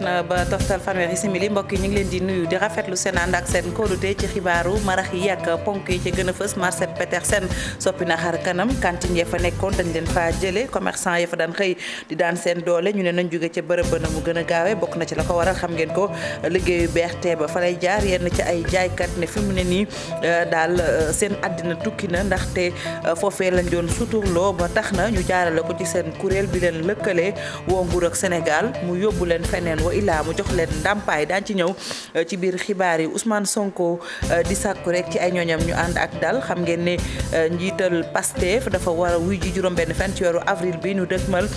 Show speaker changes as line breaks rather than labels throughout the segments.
jot na ba toftal fanweeri simili mbokk yi ñu ngi leen di nuyu di rafetlu seen ànd ak seen kóolute ci xibaaru marax yi ak ponk yi ci gën a fës Marcel Petersen soppi na xar kanam cantine ya fa nekkoon dañ leen faa jëlee commerçant ya fa daan xëy di daan seen doole ñu ne nañ jógee ca bërëb ba na mu gën a gaawee bokk na ci la ko waral xam ngeen ko liggéeyu BRT ba fa lay jaar yenn ci ay jaaykat ne fi mu ne nii euh, daal euh, seen àddina tukki na ndaxte euh, foofee lañ doon suturloo ba tax na ñu jaarale ko ci seen kuréel bi leen lëkkale woo nguur ak Sénégal mu yóbbu leen feneen illa mu jox leen ndàmpaay daan ci ñëw euh, ci biir xibaar yi Ousmane Sonko euh, di sàkku rek ci ay ñooñam ñu ànd ak dal xam ngeen ne euh, njiital Pastef dafa war a wuy ji juróom-benn fan ci weeru avril bi ñu dëgmal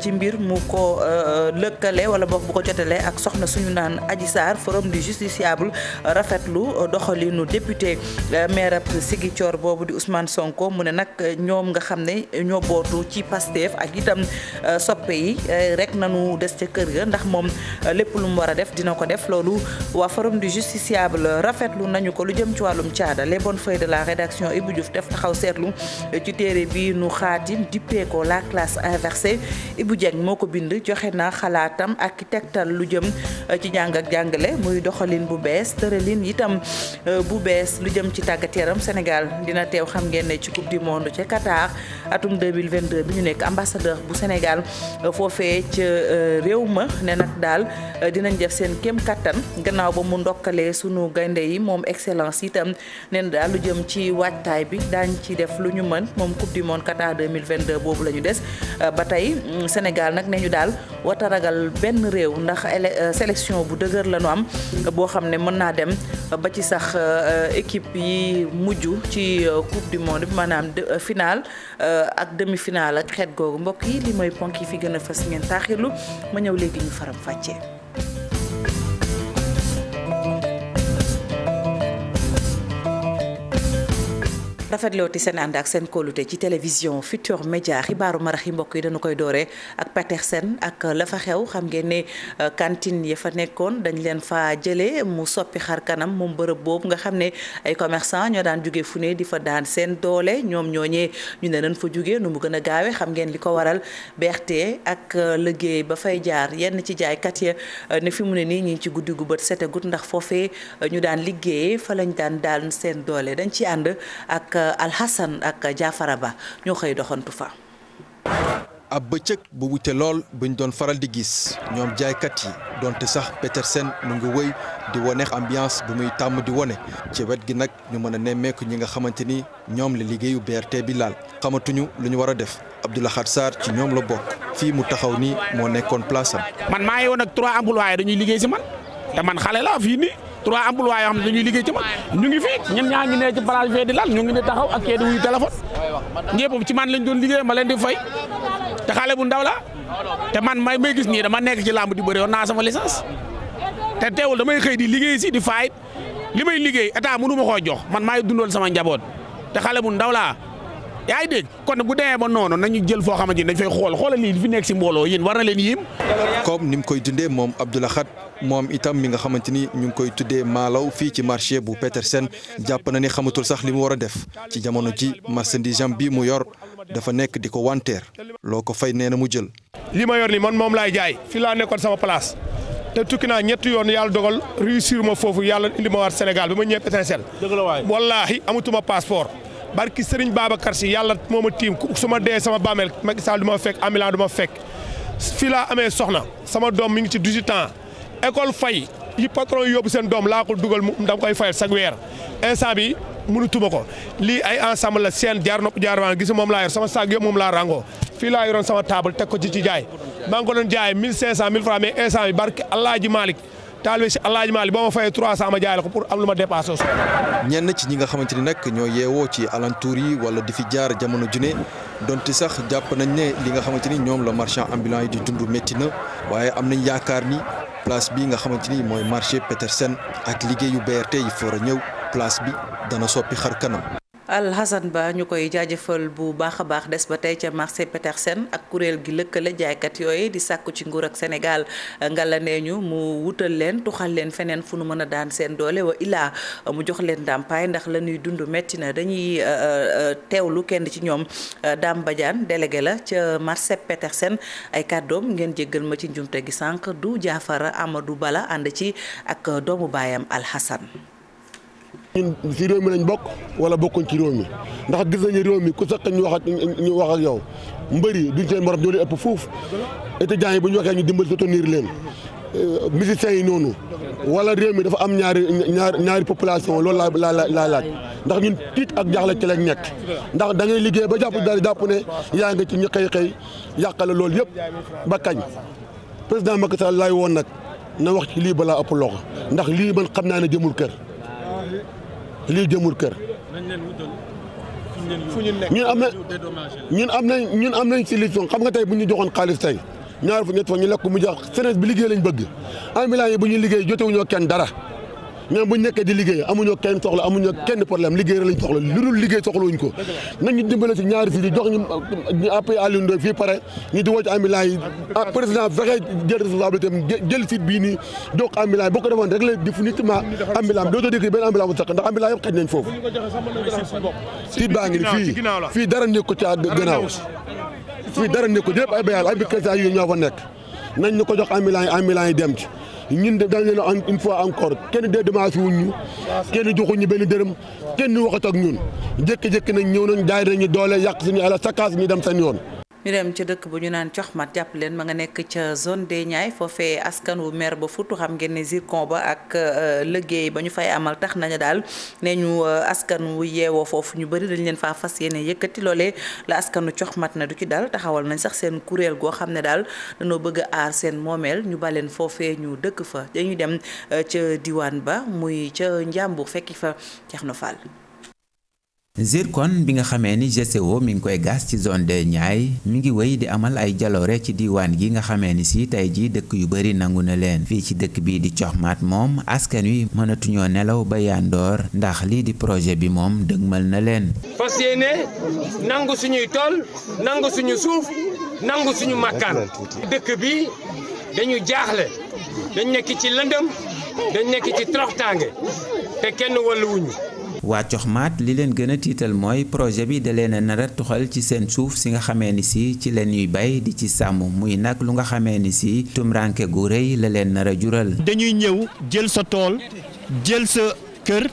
ci mbir mu ko lëkkale wala boog bu ko jotalee ak soxna suñu naan aji saar forum du justiciable rafetlu doxalinu député maire ab boobu di Ousmane Sonko mu ne nag ñoom nga xam ne ñoo bootu ci Pastef ak itam soppe yi rek nanu des ca kër ga ndax moom Euh, lépp lu mu war a def dina ko def loolu waa forum du justiciable rafetlu nañu ko lu jëm ci wàllum caada les bonnes de la rédaction Ibou juf def taxaw seetlu ci téere bii nu xaatim dippee ko la classe inversée Ibou Dieng moo ko bind joxe na xalaatam ak tegtal lu jëm euh, ci jàng ak jàngale muy doxalin bu bees tëralin itam euh, bu bees lu jëm ci tàggat yaram Sénégal dina teew xam ngeen ne ci coupe du monde ca Qatar atum 2022 bi ñu nekk ambassadeur bu Sénégal foofe ca réew ma ne nag daal Euh, dinañ def seen kéem kattan gannaaw ba mu ndokkalee sunu gaynde yi moom excellence itam neen daal lu jëm ci waajtaay bi daañ ci def lu ñu mën moom coupe du mille vingt 2022 boobu la ñu des euh, ba tey mm, Sénégal nag ne ñu daal wata ragal benn réew ndax euh, sélection bu dëgër la am boo xam ne mën naa dem ba ci sax euh, équipe yi mujj ci euh, coupe du monde bi maanaam euh, finale ak demi finale ak xeet googu mbokk yi li mooy ponk yi fi gën a fas ngeen taaxirlu ma ñëw léegi ñu faram fàccee. rafetlooti seen ànd ak seen kóolute ci télévision Futur Média xibaaru marax yi mbokk yi dañu koy dooree ak seen ak la fa xew xam ngeen ne euh, cantine ya fa nekkoon dañ leen fa jëlee mu soppi xar kanam moom bërëb boobu nga xam ne ay commerçant ñoo daan jóge fu ne di fa daan seen doole ñoom ñooñee ñu ne nañ fa jóge mu gën a gaawee xam ngeen li ko waral BRT ak euh, liggéey ba fay jaar yenn ci jaaykat ya euh, ne fi mu ne nii ñu ngi ci guddi gu bët sete gut ndax foofe ñu daan liggéeyee fa lañ daan daal seen doole dañ ci ànd ak Alhassan ak Jaafara Ba
ab bëccëg bu wute lool buñ doon faral di gis ñoom jaaykat yi donte sax Petersen mu ngi wëy di wone ambiance bu muy tàmm di wone ci wet gi nag ñu mën a nemmeeku ñi nga xamante ni ñoom la liggéeyu BRT bi laal xamatuñu lu ñu war a def Abdoulaye Khar Sarr ci ñoom la bokk fii mu taxaw nii moo nekkoon place
man maa ngi ak trois employés dañuy liggéey si man te man xale laa fii nii. trois emplois yoo xam ne dañuy liggéey ci man ñu ngi fi ñun ñaa ngi ne ci barage fee di lal ñu ngi ne taxaw ak kee di wuyu téléphone ci man lañ doon liggéey ma leen di fay te xale bu ndaw la te man may may gis nii dama nekk ci làmb di bëri yoon naa sama licence te teewul damay xëy di liggéey si di faay li may liggéey état mënu ma koo jox man maay dundal sama njaboot te xale bu ndaw laa yaa ngi dégg kon bu demee ba noonu nañu jël foo xamante ni dañ fay xool xoolal lii fi nekk si mbooloo yéen war na leen yéem. comme ni mu koy dundee moom Abdou
Lahad moom itam mi nga xamante ni ñu ngi koy tuddee maalaw fii ci marché bu Petersen jàpp na ni xamatul sax li mu war a def ci jamono ci marchandise am bii mu yor dafa nekk di ko wanteer loo ko fay nee na mu jël. li
ma yor ni man moom laay jaay fii laa nekkoon sama place te tukki naa ñetti yoon yàlla dogal réussir ma foofu yàlla indi ma waat Sénégal bi ma ñëwee Petersen. dëgg la waay wallaahi amatuma passeport. barki Serigne Babacar si yàlla moo ma tiim su ma dee sama bàmmeel Macky Sall du ma fekk laa amee soxna sama doom mi ngi ci 18 ans école fay yi patron yóbbu seen doom laa ko dugal mu dama koy fayal chaque weer instant bi mënutuma ko lii ay ensemble la seen jaar nopp jaar waan gis moom laa yor sama saag yëpp moom laa rango fii laa sama table teg ko ci ci jaay maa ngi ko doon jaay 1500 1000 francs mais instant bi barki Alaaji Malick taalibe si Alaaji Maalik boo ma fayee 300 ma jaay la ko pour am lu ma dépassé su ñenn ci
ñi nga xamante ni nag ñoo yeewoo ci alentour yi wala di fi jaar jamono junne donte sax jàpp nañ ne li nga xamante ni ñoom la marchand ambulant yi di dund métti na waaye am nañ yaakaar ni place bi nga xamante ni mooy marché Petersen ak liggéeyu BRT tey foor a ñëw place bi dana soppi xar kanam.
Alhassane Ba ñu koy jaajëfal bu baax a baax des ba tey ca marché Petersen ak kuréel gi lëkkale jaaykat yooyu di sàkku ci nguur ak Sénégal nga la nee ñu mu wutal leen tuxal leen feneen fu nu mën a daan seen doole wa ilaa mu jox leen dàmpaay ndax la ñuy dund métti na dañuy euh, euh, teewlu kenn ci ñoom euh, Dame Badiane la ca marché Petersen ay kàddoom ngeen jéggal ma ci njumte gi sànq du jaafara Amadou Bala ànd ci ak doomu baayam Alhassane
ñun si réew mi lañ bokk wala bokkuñ ci réew mi ndax gis nañu réew mi ku saq ñu wax ak ñu wax ak yow mbër yi duñ seen morom ñoo leen ëpp fuuf étudiants yi bu ñu waxee ñu dimbali soutenir leen euh, musiciens yi noonu wala réew mi dafa am ñaari ñaar ñaari population loolu laa laa laa laaj ndax ñun tiit ak jaaxle ci la nekk ndax da ngay liggéey ba jàpp dal jàpp ne yaa ngi ci ñu xëy xëy yàqale loolu yëpp ba kañ président Macky Sall laay woon nag na wax ci lii balaa ëpp loxo ndax lii man xam naa ne jëmul kër lii jëmul kër. ñun am na ñun am nañ ñun am nañ solution xam nga tey bu ñu joxoon xaalis tey ñaar fu ñett fa ñu lekk mu jox sénégalais bi liggéey lañ bëgg ambulant yi bu ñu liggéey jotewuñoo kenn dara. ñoom bu ñu nekkee di liggéey amuñoo kenn soxla amuñoo kenn problème liggéey rek lañ soxla lu dul liggéey soxlawuñ ko nañu dimbale si ñaari fii di jox ñu appui Alioune Ndoye fii pare ñu di woo ci ah président fexe jël responsabilité am jël site bii nii jox ambulant yi boo ko defoon rek la définitivement ambulant bi dootoo dégg benn ambulant bu takk ndax ambulant yëpp xaj nañ foofu site baa fii fii nekk ko ci gannaaw fii dara nekk ko yëpp ay bayal ay bi kesa ñoo nekk nañ ñu ko jox ambulant yi yi dem ci ñun de dañ une fois encore kenn dee demaasi wuñ ñu kenn joxuñu benn dërëm kenn waxat ak ñun jékki-jékki nañ ñëw nañ daay nañu doole yàq suñu alal sakkaas ñu dem seen yoon
ñu dem ca dëkk bu ñu naan coxmat jàpp leen ma nga nekk ca zone des Niayes foofee askan wu mer ba futu xam ngeen ne zircon ba ak euh, liggéey ba ñu fay amal tax nañu daal ne ñu euh, askan wu yeewoo foofu ñu bëri dañu leen faa fas yéene yëkkati loolee la askanu coxmat na du ci dal taxawal nañ sax seen kuréel goo xam ne daal dañoo bëgg a aar seen moomeel ñu baleen foofee ñu dëkk fa dañuy dem euh, ca diwaan ba muy ca njàmbu fekki fa Thierno Fall
zircon bi nga xamee ni GCO mi ngi koy gas ci zone de Niayes mi ngi wéy di amal ay jaloore ci diiwaan gi nga xamee ni si tey jii dëkk yu bari nangu na leen fii ci dëkk bii di coxmaat moom askan wi mënatuñoo nelaw ba yandoor ndax lii di projet bi moom dëgmal na leen
fas yéene nangu suñuy tool nangu suñu suuf nangu suñu makkaan dëkk bi dañu jaaxle dañ nekk ci lëndëm dañ nekk ci troxtaange te kenn walluwuñu
waa Coxmaat li leen gën a tiital mooy projet bi da leen a nar a tuxal ci seen suuf si nga xamee ni si ci leen ñuy bay di ci sàmm muy nag lu nga xamee ni si tumranke gu rëy la leen nar a
jural.
dañuy ñëw jël sa tool jël sa kër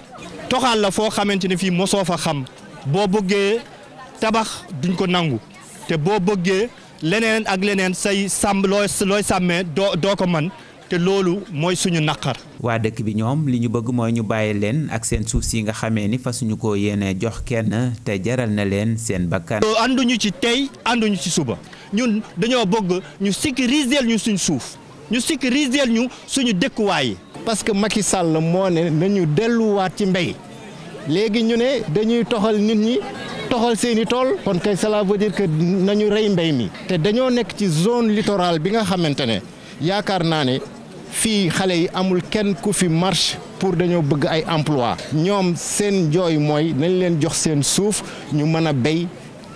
toxal la foo xamante ne fii mosoo fa xam boo bëggee tabax duñ ko nangu te boo bëggee leneen ak leneen say sàmm looy looy sàmmee doo doo ko man te loolu
mooy suñu naqar. waa dëkk bi ñoom li ñu bëgg mooy ñu bàyyi leen ak seen suuf si nga xamee ni fa suñu ko yéene jox kenn te jaral na leen seen bakkan.
ànduñu ci tey ànduñu ci suba ñun dañoo bëgg ñu sécuriser ñu suñu suuf ñu sécuriser ñu suñu dëkkuwaay yi. parce que Macky Sall moo ne nañu delluwaat ci mbéy léegi ñu ne dañuy toxal nit ñi. toxal seeni tool kon kay cela veut dire que nañu rey mbéy mi te dañoo nekk ci zone littorale bi nga xamante ne yaakaar fii xale yi amul kenn ku fi marche pour dañoo bëgg ay emploi ñoom seen jooy mooy nañ leen jox seen suuf ñu mën a béy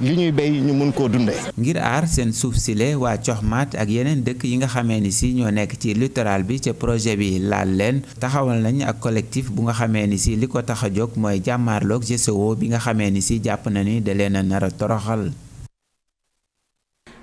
li ñuy béy ñu mën koo dundee. ngir
aar seen suuf sile waa Coxmaat ak yeneen dëkk yi nga xamee ni si ñoo nekk ci littoral bi ca projet bi laal leen taxawal nañ ak collectif bu nga xamee ni si li ko tax a jóg mooy jàmmaarloog GCO bi nga xamee ni si jàpp na ni da leen a nar a toroxal.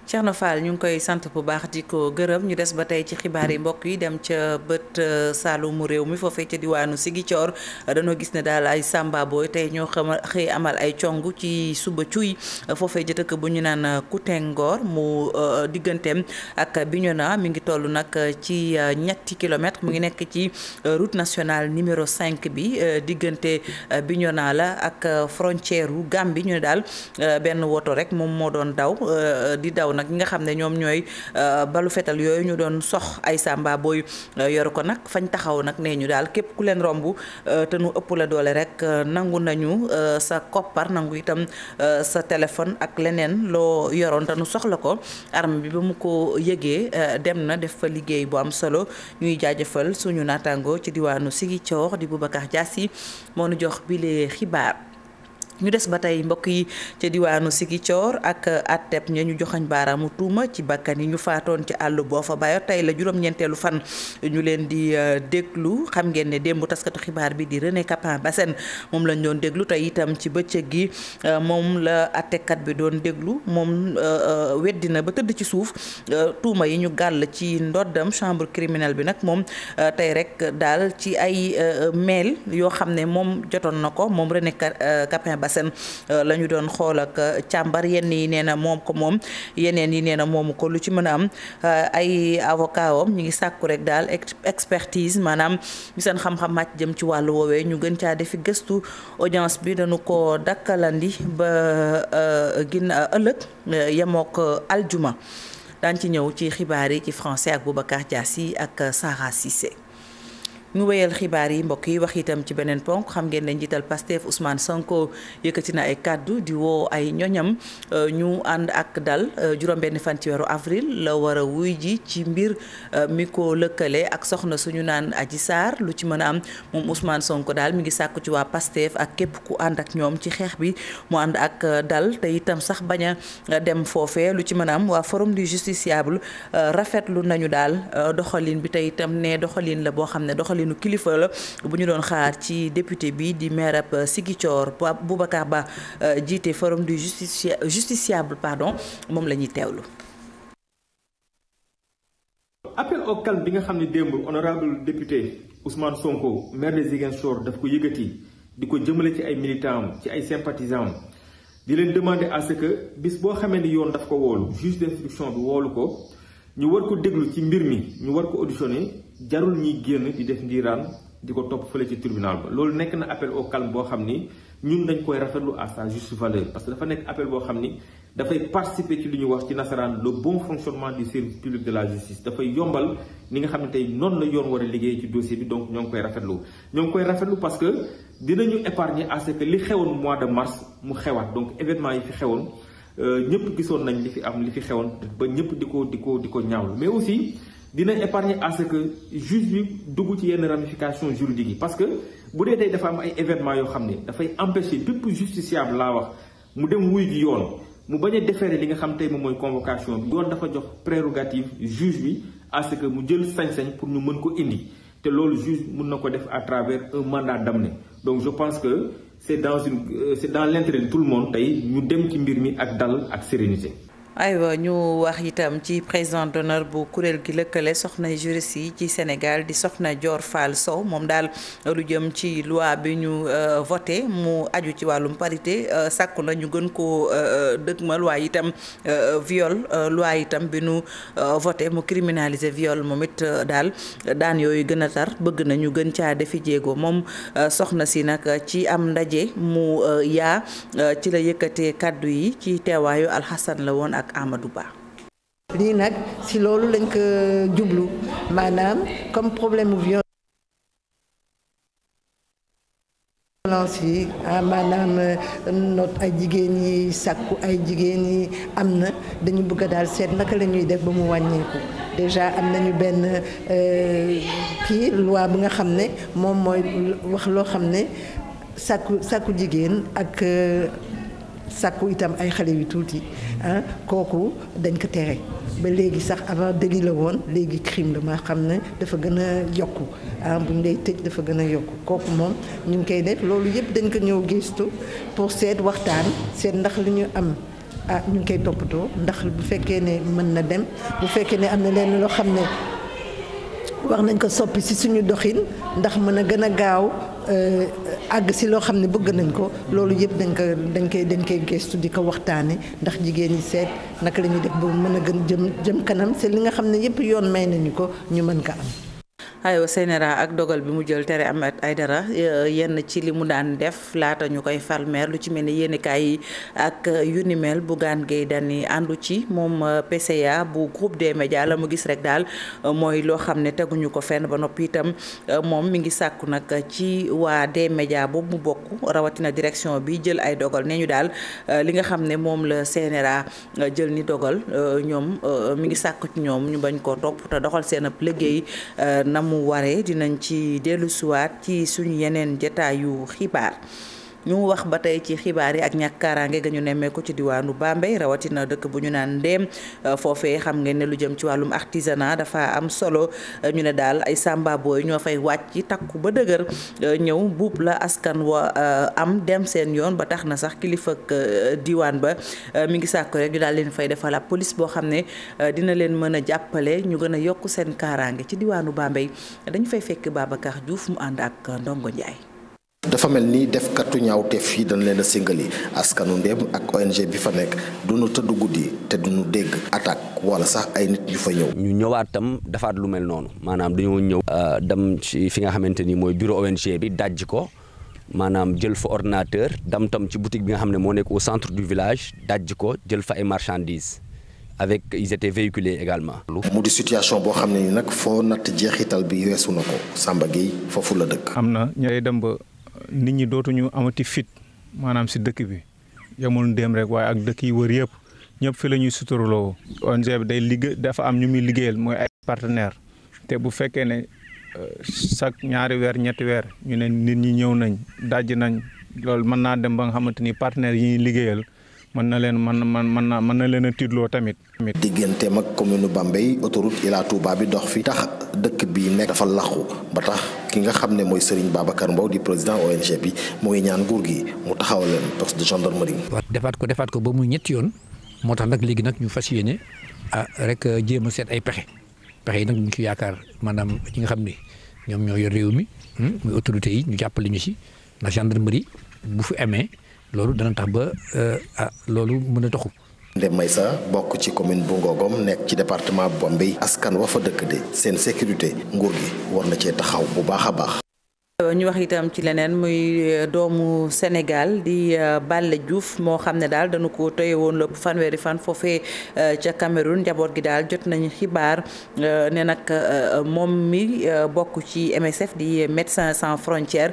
Thierno Fall ñu ngi koy sant bu baax di ko gërëm ñu des ba tey ci xibaar yi mbokk yi dem ca bët euh, saalumu réew mi foofee ca diwaanu Ziguinchor dañoo gis ne daal ay Samba booy tey ñoo xama xëy amal ay cong ci suba cuy foofee ca tëkk bu ñu naan euh, Koutengor mu euh, digganteem ak Bignona mi ngi toll nag ci ñetti kilomètres mu ngi nekk ci route nationale numéro 5 bi diggante Bignona la ak frontière wu Gambie ñu ne daal benn woto rek moom moo doon daw di daw. nag ñi nga xam ne ñoom ñooy euh, balu fetal yooyu ñu doon sox ay sàmba booy euh, yoru ko nag fañ taxaw nag nee ñu daal képp ku leen romb euh, te nu ëpp la doole rek nangu nañu sa koppar nangu itam sa téléphone ak leneen loo yoroon te nu soxla ko arme bi ba mu ko yëgee dem na def fa liggéey bu am solo ñuy jaajëfal suñu naataango ci diwaanu Ziguinchor di Boubacar Diassi moo nu jox bile xibaar. ñu des ba tey mbokk yi ca diwaanu Sigicoor ak atteb ña ñu joxañ baaraamu tuuma ci bakkan yi ñu faatoon ci àll boo fa bayo tey la juróom-ñeenteelu fan ñu leen di euh, déglu xam ngeen ne démb taskatu xibaar bi di René Capain Bassène moom lañ doon déglu tey itam ci bëccëg gi euh, moom la attekat bi doon déglu moom euh, weddina ba tëdd ci suuf tuuma yi ñu gàll ci ndoddam chambre criminelle bi nag moom tey rek daal ci ay mail yoo xam ne moom jotoon na ko moom René Capain Bassène Assane euh, la ñu doon xool ak euh, càmbar yenn yi nee na moom ko moom yeneen yi nee na moomu ko lu ci mën a am euh, ay avocat wam ñu ngi sàkku rek daal expertise maanaam ñu seen xam-xam màcc jëm ci wàllu woowee ñu gën caa defi gëstu audience bi dañu ko dakkalandi ba gin ëllëg yemook aljuma daan ci ñëw ci xibaar yi ci français ak Boubacar Diassi ak Sarah Cissé ñu wéyal xibaar yi mbokk yi wax itam ci beneen ponk xam ngeen ne njiital Pastef Ousmane Sonko yëkkati na ay kàddu di woo ay ñoñam euh, ñu ànd ak dal euh, juróom-benn fan ci avril la war a wuy ji ci mbir euh, mi ko lëkkale ak soxna suñu naan Adji Sarr lu ci mën a am moom Ousmane Sonko daal mi ngi sàkku ci waa Pastef ak képp ku ànd ak ñoom ci xeex bi mu ànd ak dal te itam sax bañ dem foofe lu ci mën a am waa forum du justiciable rafetlu nañu daal doxalin bi te itam ne doxalin la boo xam ne doxalin doxalinu kilifa la bu ñu doon xaar ci député bi di maire ab Ziguinchor Boubacar Ba euh, jiite forum du justicia justiciable pardon moom la ñuy
teewlu. appel au bi nga xam ne démb honorable député usman Sonko maire de Ziguinchor daf ko yëkkati di ko jëmale ci ay militan ci ay sympathisants di leen demander à ce que bis boo xamee ni yoon daf ko woolu juge d'instruction bi woolu ko ñu war ko déglu ci mbir mi ñu war ko auditionner jarul ñuy génn di def ndiiraan di ko topp fële ci tribunal ba loolu nekk na appel au calme boo xam ni ñun nañ koy rafetlu à sa valeur parce que dafa nekk appel boo xam ni dafay participer ci li ñu wax ci nasaraan le bon fonctionnement du service public de la justice dafay yombal ni nga xam ne tey noonu la yoon war a liggéey ci dossier bi donc ñoo ngi koy rafetlu ñoo ngi koy rafetlu parce que dinañu épargner à ce que li xewoon mois de mars mu xewaat donc événement yi fi xewoon euh, ñëpp gisoon nañ li fi am li fi xewoon ba ñëpp di ko di ko di ko ñaawlu mais aussi dina épargner à que juge bi dugg ci yenn ramification juridique yi parce que bu dee day dafa am ay événements yoo xam ne dafay empêcher bépp justiciable laa wax mu dem wuy ji yoon mu bañ a déférer li nga xam tey moom mooy convocation bi yoon dafa jox prérogative juge bi à que mu jël sañ-sañ pour ñu mën ko indi te loolu juge mun na ko def à travers un mandat d'amener donc je pense que c'est dans une euh, c'est dans l'intérêt de tout le monde tey ñu dem ci mbir mi ak dal ak sérénité
aywa ñu wax itam ci président d'honneur bu kuréel gi lëkkale soxna juriste yi ci Sénégal di soxna joor Fall Sow moom daal lu jëm ci loi bi ñu euh, voté mu aju ci wàllum parité euh, sàkku na ñu gën koo euh, dëgmal waaye itam viol loi itam bi ñu voté mu criminaliser viol moom it daal daan yooyu gën a tar bëgg na ñu gën caa defi jéego moom soxna si nag ci am ndaje mu yaa ci la yëkkatee kàddu yi ci teewaayu Alxasan la woon ak ak Amadou
lii nag si loolu lañ ko jublu maanaam comme problème mu violence yi ah, maanaam euh, noot ay jigéen yi sàkku ay jigéen yi am na dañu bëgg daal seet naka lañuy def ba mu wàññeeku déjà am nañu benn euh, kii loi bi nga xam ne moom mooy wax loo xam ne sàkku sàkku jigéen ak euh, sàkku itam ay xale yu tuuti ah kooku dañ ko tere ba léegi sax avant délit la woon léegi crime la xam ne dafa gën a yokku ah buñ lay tëj dafa gën a yokk kooku moom ñu ngi koy def loolu yëpp dañ ko ñëw gëstu pour seet waxtaan seet ndax li ñu am ah ñu ngi koy toppatoo ndax bu fekkee ne mën na dem bu fekkee ne am na leen loo xam ne wax nañ ko soppi ci suñu doxin ndax mën a gën a gaaw Euh, àgg si loo xam ne bëgg nañ ko loolu yëpp dañ ko dañ koy dañ koy gëstu di ko waxtaane ndax jigéen ñi seet naka lañuy def ba mën a gën jëm jëm kanam si li nga xam ne yëpp yoon may nañu ko ñu mën ko am
aywa CNRA ak dogal bi mu jël tere Ahmed Aidara e, yenn ci li mu daan def laata ñu koy fal lu ci mel ni yéenekaay yi ak yu ni mel Bougane Gueye Dany àndu ci moom PCA bu groupe de médias la mu gis rek daal mooy loo xam ne teguñu ko fenn ba noppi itam moom mi ngi sàkku nag ci waa des médias boobu mu bokk rawatina direction bi jël ay dogal nee daal li nga xam ne moom la CNRA jël ni dogal e, ñoom e, mi ngi sàkk ci ñoom ñu bañ koo topp te doxal seen ab liggéey nam mu waree dinañ ci dellu ci suñu yeneen jataayu xibaar ñu wax ba tey ci xibaar yi ak ñàkk kaaraange ga ñu nemmeeku ci diwaanu Bambey rawatina dëkk bu ñu naan Ndéem euh, foofee xam nga ne lu jëm ci wàllum artisanat dafa am solo euh, ñu ne daal ay samba booy ñoo fay wàcc takku ba dëgër euh, ñëw buub la askan wa am dem seen yoon ba tax na sax kilifa ak diwaan ba mi ngi sàkk rek ñu daal leen fay defal ab police boo xam ne dina leen mën a jàppale ñu gën a yokk seen kaaraange ci diwaanu Bambey dañu fay fekk Babacar Diouf mu ànd ak Ndongo Ndiaye.
dafa mel nii def katu kattu ñaawteef yi dañ leen a singali askanu ndéem ak ONG bi fa nekk duñu tëdd guddi te duñu dégg
attaque wala sax ay nit ñu fa ñëw. ñu ñëwaat tam dafaat lu mel noonu maanaam dañoo ñëw. Euh, dem ci fi nga xamante ni mooy bureau ONG bi dajj ko maanaam jël fa ordinateur dam tam ci boutique bi nga xam ne moo nekk au centre du village dajj ko jël fa ay marchandises. avec ils étaient véhiculés également. mu
di situation boo xam ne ni nag foo natt jeexital bi weesu na ko Samba Gueye foofu la dëkk. nit ñi dootuñu amati fit maanaam si dëkk bi yamul ndéem rek waaye ak dëkk yi wër yëpp ñëpp fi la ñuy suturaloo ONG bi day liggéey dafa am ñu muy liggéeyal mooy ay partenaire te bu fekkee ne euh, chaque ñaari weer ñetti weer ñu ne nit ñi ñëw nañ dajj nañ loolu mën naa dem ba nga xamante ni partenaires yi liggéeyal man na leen mën mën mën na mën na leen a tiitloo tamit. digganteem ak commune Bambey autoroute Ila Touba bi dox fi tax dëkk bi nekk dafa laqu ba tax ki nga xam ne mooy Serigne Babacar Mbow di président ONG bi mu ngi ñaan nguur gi mu
taxaw
leen poste de gendarmerie.
defaat ko defaat ko ba muy ñetti yoon moo tax nag léegi nag ñu fas yéene ah rek euh, jéem a seet ay pexe pexe yi nag ñu ci yaakaar maanaam ñi nga xam ne ñoom ñoo yor réew mi hmm, muy autorités yi ñu jàppale ñu si na gendarmerie bu fi amee. loolu dana tax ba euh, ah loolu mën a doxu.
Ndem Maysa bokk ci commune bu Ngogom nekk ci département Bambey askan wa fa dëkk de seen sécurité nguur gi war na cee taxaw bu baax a baax.
ñu wax itam ci leneen muy euh, doomu Sénégal di euh, Balla Diouf moo xam ne daal dañu ko tëye woon lépp fanweeri fan foofee euh, ca Cameroun njaboot gi daal jot nañu xibaar ne nag moom mi bokk ci MSF di médecin sans frontières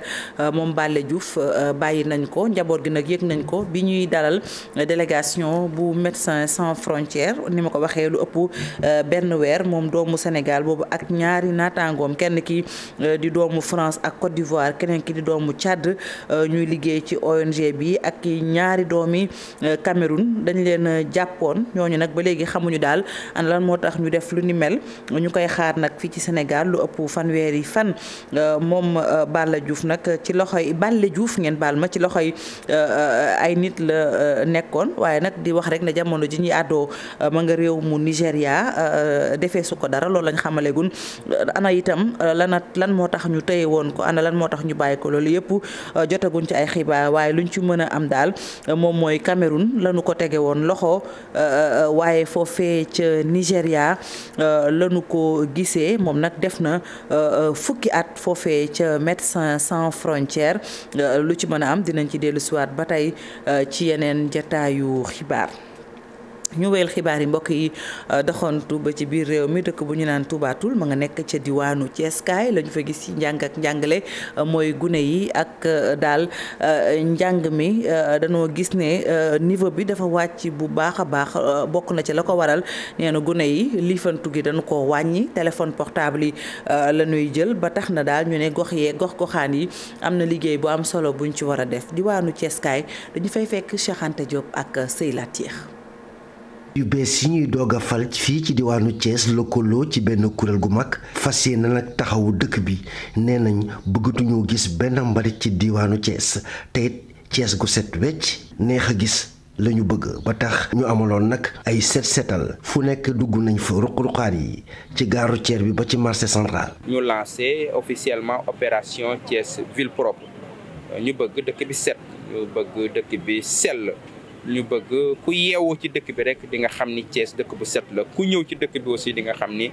moom Balla Diouf bàyyi nañ ko njaboot gi nag yëg nañ ko bi ñuy dalal délégation bu médecin sans frontières ni ma ko waxee lu ëpp benn weer moom doomu Sénégal boobu ak ñaari naataangoom kenn ki di doomu France ak Côte d'Ivoire keneen ki di doomu Tchad euh, ñuy liggéey ci ONG bi ak ñaari doomi euh, Cameroun dañ leen euh, jàppoon ñooñu nag ba léegi xamuñu daal ana lan moo tax ñu def lu ni mel ñu koy xaar nag fii ci Sénégal lu ëpp fanweeri fan moom Balla Diouf nag ci loxoy Balla juuf ngeen baal ma ci loxoy ay nit la nekkoon waaye nag di wax rek ne jamono ji ñuy àddoo ma nga réew mu Nigéria defee su ko dara loolu lañ xamalegun ana itam lan lan moo tax ñu tëye woon ko ana lan lan moo tax ñu bàyyi ko loolu yëpp euh, jotaguñ ci ay xibaar waaye lu ñu ci mën a am daal euh, moom mooy Cameroun lañu ko tege woon loxo euh, waaye foofee ca Nigéria lañu ko gisee moom nag def na fukki at foofee ca Médecins sans frontières lu ci mën a am dinañ ci dellu siwaat ba tey ci yeneen jataayu xibaar ñu wéyal xibaar yi mbokk yi euh, doxantu ba ci biir réew mi dëkk bu ñu naan tubaatul ma nga nekk ca diwaanu ceeskaay kaay la ñu fa gis ci njàng njàngale euh, mooy gune yi ak euh, daal njàng mi dañoo gis ne niveau bi dafa wàcc bu baax a baax bokk na ci la ko waral nee gune yi liifantu gi dañu ko wàññi téléphone portable yi la ñuy jël ba tax na daal ñu ne gox yee gox goxaan yi am na liggéey bu am solo buñ ci war a def diwaanu Cees kaay fay fekk Cheikh Anta ak Seylat Yeex
yu bees yi ñuy doog a fal fii ci diwaanu Thiès lëkkaloo ci benn kuréel gu mag fas na nag taxawu dëkk bi nee nañ bëggatuñoo gis benn mbalit ci diwaanu Thiès te it gu set wecc neex a gis lañu bëgg ba tax ñu amaloon nag ay set setal fu nekk dugg nañ fa ruq-ruqaan yi ci gaaru routière bi ba ci marché central.
ñu lancé officiellement opération Thiès ville propre ñu bëgg dëkk bi set ñu bëgg dëkk bi sell. ñu bëgg ku yeewu ci dëkk bi rek di nga xam ni cees dëkk bu set la ku ñëw ci dëkk bi aussi dinga xam ni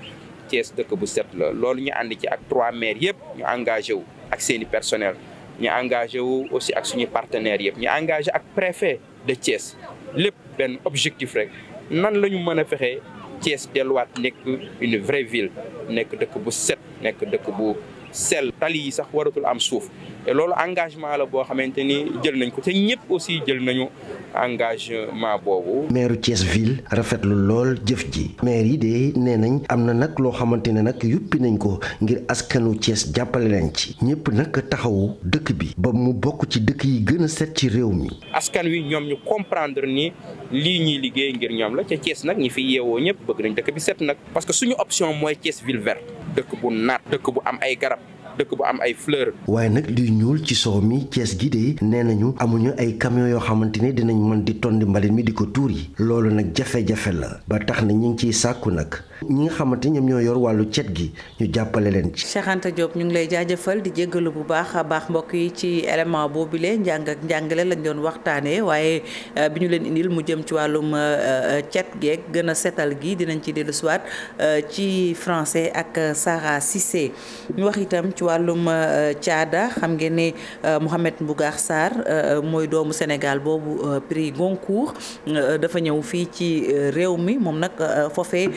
cees dëkk bu set la loolu ñu ànd ci ak trois maires yëpp ñu engagé wu ak seeni personnel ñu engagé wu aussi ak suñu partenaires yëpp ñu engagé ak préfet de Thiès lépp benn objectif rek nan la ñu mën a fexee Thiès delluwaat nekk une vraie ville nekk dëkk bu set nekk dëkk bu sel tali yi sax waratul am suuf te loolu engagement la boo xamante ni jël nañ ko te ñëpp aussi jël nañu engagement boobu.
maire Thiès ville rafetlu lool jëf ji. maire yi de nee nañ am na nag loo xamante ne nag yuppi nañ ko ngir askanu Thiès jàppale leen ci. ñëpp nag taxawu dëkk bi. ba mu bokk ci dëkk yi gën a set ci réew mi.
askan wi ñoom ñu comprendre ni lii ñuy liggéey ngir ñoom la ca Thiès nag ñi fi yeewoo ñëpp bëgg nañ dëkk bi set nag. parce que suñu option mooy Thiès ville verte. dëkk bu naat dëkk bu am ay garab. dëkk bu ay fleur
waaye nag liy ñuul ci soow mi Cees gi de nee nañu amuñu ay camion yoo xamante ne dinañ mën di tondi mbalit mi di ko tuur yi loolu nag jafe-jafe la ba tax na ñu ngi ciy sàkku nag ñi nga xamante ñoom ñoo yor wàllu cet gi ñu jàppale leen ci.
Cheikh Anta ñu ngi lay jaajëfal di jéggalu bu baax a baax mbokk yi ci élément boobule njàng ak njàngale lañ doon waxtaanee waaye euh, bi ñu leen indil mu jëm ci wàllum euh, euh, cet geeg gën a seetal gi dinañ ci dellusiwaat ci français ak Sara Cissé ñu wax itam ci wàllum euh, caada xam ngeen ne euh, Mouhamed Mbougar Sarr euh, mooy doomu Sénégal boobu prix Goncourt dafa ñëw fii ci réew mi moom nag foofee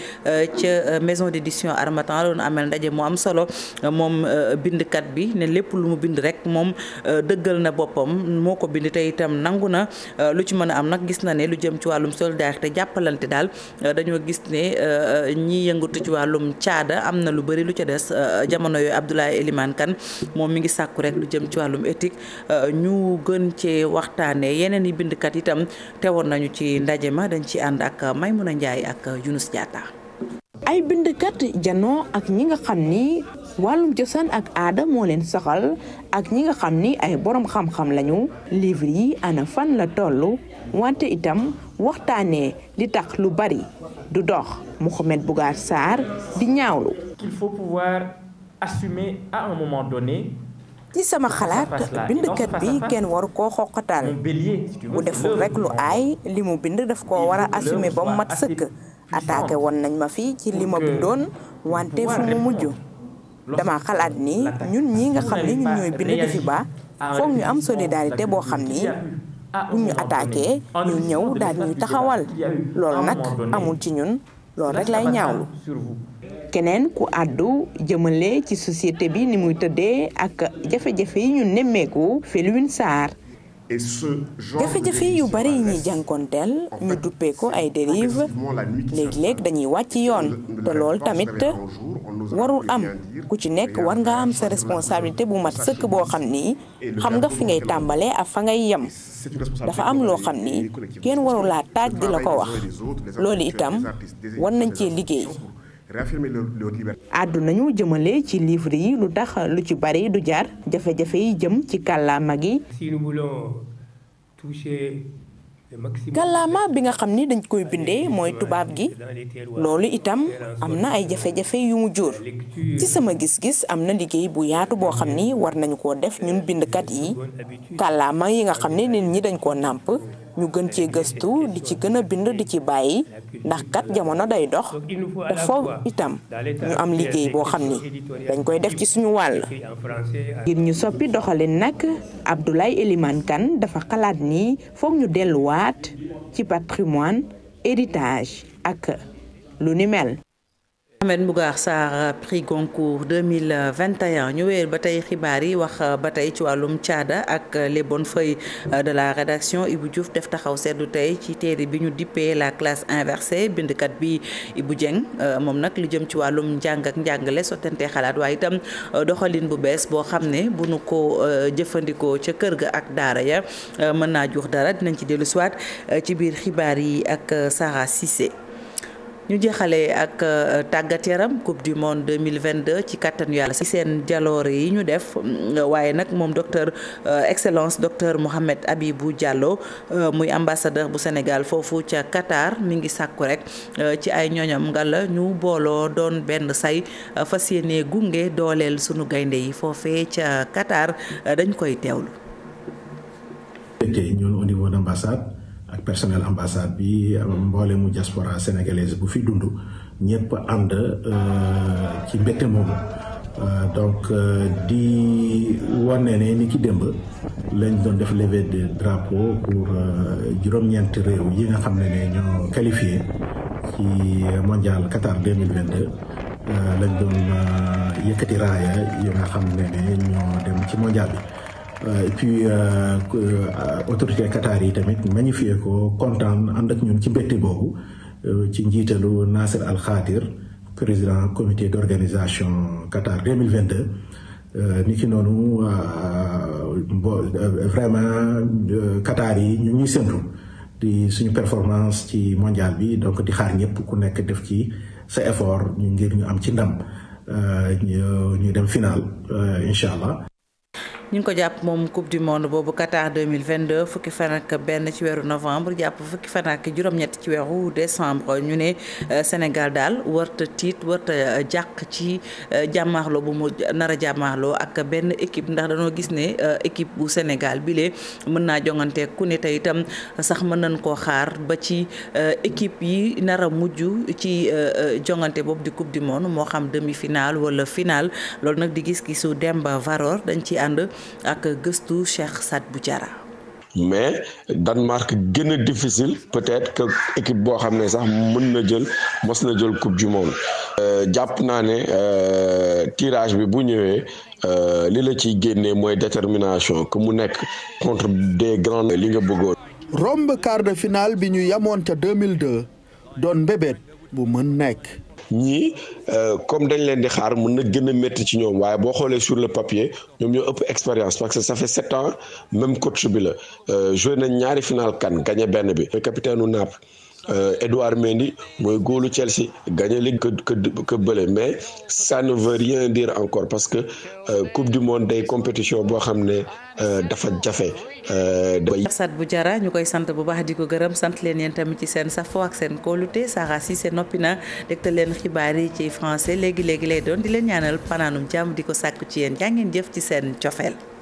ca maison d'édition Harmattan doon amel ndaje mu am solo moom bindkat bi ne lépp lu mu bind rek moom dëggal na boppam moo ko bind te itam nangu na lu ci mën a am nag gis na ne lu jëm ci wàllum solidarité jàppalante daal dañoo gis ne ñi yëngatu ci wàllum caada am na lu bëri lu ca des jamono yooyu Abdoulaye Souleymane Kane moom mi ngi sàkku rek lu jëm ci wàllum éthique euh, ñu gën cee waxtaanee yeneen i bindkat itam teewoon nañu ci ndaje ma dañ ci ànd ak may mën a njaay ak Yunus Diatta.
ay bindkat janoo ak ñi nga xam ni wàllum cosaan ak aada moo leen soxal ak ñi nga xam ni ay boroom xam-xam lañu livre yi ana fan la toll wante itam waxtaanee li tax lu bari du dox Mouhamed Bougar Sarr di ñaawlu.
assumer à un moment
ci sama xalaat bindkat bi kenn
waru koo xoqatal
bu deful rek lu aay li mu bind daf ko war a assumer ba mu mat sëkk attaqué woon nañ ma fii ci li ma bindoon wante fu mu mujj dama xalaat ni ñun ñi nga xam ne ñun ñooy bind di fi ba foog ñu am solidarité boo xam ni bu ñu attaqué ñu ñëw daal ñuy taxawal loolu nag amul ci ñun loolu rek lay ñaawlu keneen ku àddu jëmale ci société bi ni muy tëddee ak jafe-jafe yi ñu nemmeeku Felwine Sarr jafe-jafe yu bari yi ñuy jànkonteel ñu duppeeku ay dérive léeg dañuy wàcc yoon te lool tamit warul am ku ci nekk war nga am sa responsabilité bu mat sëkk boo xam ni xam nga fi ngay tàmbale ak fa ngay yem dafa am loo xam ni kenn warulaa taaj la ko wax loolu itam war nañ cee
liggéey
réaffirmer leur
àddu nañu jëmale ci livre yi lu tax lu ci bari du jaar jafe-jafe yi jëm ci kàllaama gi. si nous bi nga xam ni dañ koy bindee mooy tubaab gi loolu itam am na ay jafe-jafe yu mu jur ci sama gis-gis am na liggéey bu yaatu boo xam ni war nañu koo def ñun bindkat yi kàllaama yi nga xam ni nit ñi dañ koo nàmp. ñu gën cee gëstu di ci gën a bind di ci bàyyi ndax kat jamono day dox te foofu itam ñu am liggéey boo xam ni dañ koy def ci suñu wàll. ngir ñu soppi doxalin nag abdulay Elimane Kane dafa xalaat ni foog ñu delluwaat ci patrimoine héritage ak lu ni mel.
Ahmed Mbougar Sarr prix Goncourt 2021 ñu wéer ba tey xibaar yi wax euh, ba tey ci wàllum caada ak euh, les bonnes euh, de la rédaction Ibou Diouf def taxaw seetlu tey ci téere bi ñu dippee la classe inversée bindkat bi Ibou Dieng moom nag lu jëm ci wàllum njàng ak njàngale sottante xalaat waaye itam doxalin bu bees boo xam ne bu nu ko jëfandikoo ca kër ga ak daara ya mën naa jox dara dinañ ci dellu siwaat ci biir xibaar yi ak Sarah Cissé ñu jeexalee ak euh, tàggat yaram coupe du monde 2022 ci kattanu yàlla ci seen jaloore yi ñu def euh, waaye nag moom docteur euh, excellence docteur abi bu Diallo muy ambassadeur bu senegal foofu ca Qatar mi ngi sàkku rek ci ay ñoñam nga la ñu booloo doon benn say fas yéene gunge dooleel sunu gaynde yi foofee ca Qatar dañ koy teewlu.
fekkee personnel ambassade bi mboole mu diaspora sénégalaise bu fi dund ñëpp ànd euh, ci mbette moomu euh, donc euh, di wane ne ni ki démb lañ doon def levée de drapeau pour juróom-ñeent réew yi nga xam ne ne ñoo qualifié ci mondial Qatar 2022 lañ doon yëkkati raaya yi nga xam ne ne ñoo dem ci mondial bi Euh, et puis euh, euh, autorité Qatar yi tamit magnifié ko kontaan ànd ak ñoom ci mbégte boobu ci njiitalu Nasser Al Khadir président comité d' organisation Qatar 2022 ni ki noonu vraiment Qatar yi ñu ñuy séntu di suñu performance ci mondial bi donc di xaar ñëpp ku nekk def ci sa effort ñu ngir ñu am ci ndam ñu dem final incha allah
ñu ngi ko jàpp moom coupe du monde boobu Qatar 2022 fukki fan benn ci weeru novembre jàpp fukki fan ak juróom-ñett ci weeru décembre ñu ne euh, Sénégal daal warta tiit warta euh, jàq ci euh, jàmmaarloo bu mu nar a jàmmaarloo ak benn équipe ndax dañoo gis ne équipe bu Sénégal bile mën naa jongante ku ne tey itam sax mën nañ koo xaar ba ci équipe yi nara mujj ci jongante boobu di coupe du monde moo xam demi-finale wala finale loolu nag di gis-gisu Demba Varor dañ ci ànd ak gëstu Cheikh Saad bu Diarra
mais Danemark gën a difficile peut-être que équipe boo xam ne sax mën na jël mos na jël coupe du monde euh, jàpp naa ne euh, tirage bi bu ñëwee euh, li la ciy génnee mooy détermination que mu nekk contre des grandes li nga bëggoon. romb quart de finale bi ñu yamoon ca 2002 doon mbébét bu mën nekk. ñii euh, comme dañ leen di xaar mën na gën a métti ci ñoom waaye boo xoolee sur le papier ñoom ñoo ëpp expérience parce que ça fait sept ans même coach bi la euh, joué nañ ñaari final kan gagné benn bi mooy capitaine u Naples Edouard euh, Mendy mooy góolu Chelsea gagné ligue que que bële mais san ne veut rien dire encore parce que euh, coupe du monde day compétition boo xam ne euh, dafa jafe.
Sat bu jara ñu koy sant bu baax di ko gërëm sant leen yéen tamit ci seen safo ak seen kóolute Sara Cissé noppi na dégtal leen xibaar yi ci français léegi léegi lay doon di leen ñaanal panaanum jàmm di ko sàkku ci yéen yaa ngeen jëf ci seen cofeel